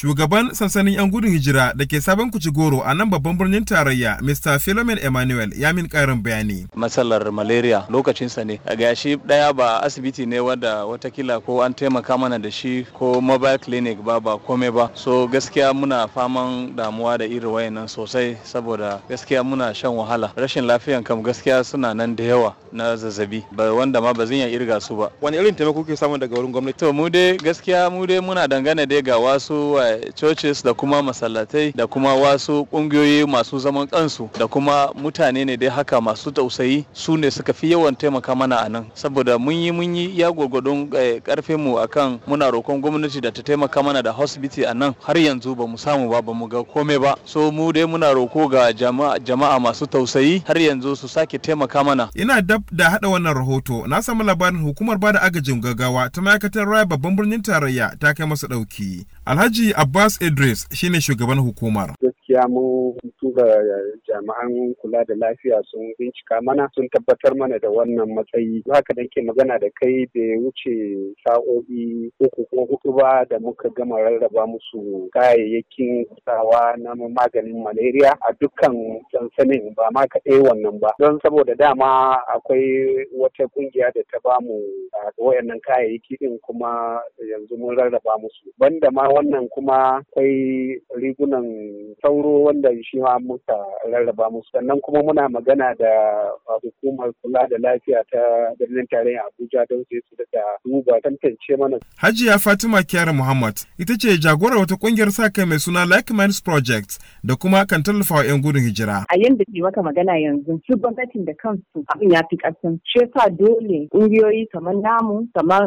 Shugaban sansanin 'yan gudun hijira da ke sabon kuci goro a nan babban birnin tarayya Mr. Philomen Emmanuel ya min karin bayani. Matsalar malaria lokacinsa ne. a shi daya ba asibiti ne wanda watakila ko an taimaka mana da shi ko mobile clinic ba ba kome ba. So gaskiya muna faman damuwa da irin wayannan sosai saboda gaskiya muna shan wahala. Rashin lafiyan kam gaskiya suna nan da yawa na zazzabi ba wanda ma ba zan iya irga su ba. Wani irin taimako kuke samu daga wurin gwamnati? To mu dai gaskiya mu dai muna dangane dai ga wasu churches da kuma masallatai da kuma wasu kungiyoyi masu zaman kansu da kuma mutane ne dai haka masu tausayi su ne suka fi yawan taimaka mana a nan saboda mun yi mun yi ya gwagwadon karfe eh, mu akan muna roƙon gwamnati da ta taimaka mana da hospital a nan har yanzu ba mu samu ba ba mu ga komai ba so mu dai muna roƙo ga jama'a masu tausayi har yanzu su sake taimaka mana ina dab da hada wannan rahoto na samu labarin hukumar bada agajin gaggawa ta ma'aikatar raya babban birnin tarayya ta kai masa dauki alhaji Abbas Idris shine shugaban hukumar. Gaskiya mun tura jami'an kula da lafiya sun bincika mana sun tabbatar mana da wannan matsayi. Haka da ke magana da kai bai wuce sa'o'i uku ko hudu ba da muka gama rarraba musu kayayyakin sawa na maganin malaria a dukkan sansanin ba ma kaɗai wannan ba. Don saboda dama akwai wata kungiya da ta bamu wayannan kayayyaki din kuma yanzu mun rarraba musu banda ma wannan kuma akwai rigunan sauro wanda shi ma muka rarraba musu sannan kuma muna magana da hukumar kula da lafiya ta birnin tarayyar Abuja don su su da duba tantance mana Hajiya Fatima Kiara Muhammad ita ce jagora wata kungiyar sa kai mai suna Like Minds Project da kuma kan tallafa wa 'yan gudun hijira. A yanda ke maka magana yanzu su gwamnatin da kansu abin ya fi ƙarfin. Shi dole ƙungiyoyi kamar namu kamar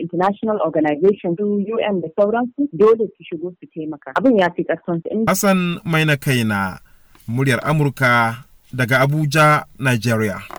international organization to UN da sauransu dole su shigo su taimaka. Abin ya fi ƙarfin Hassan mai na kaina muryar Amurka daga Abuja, Nigeria.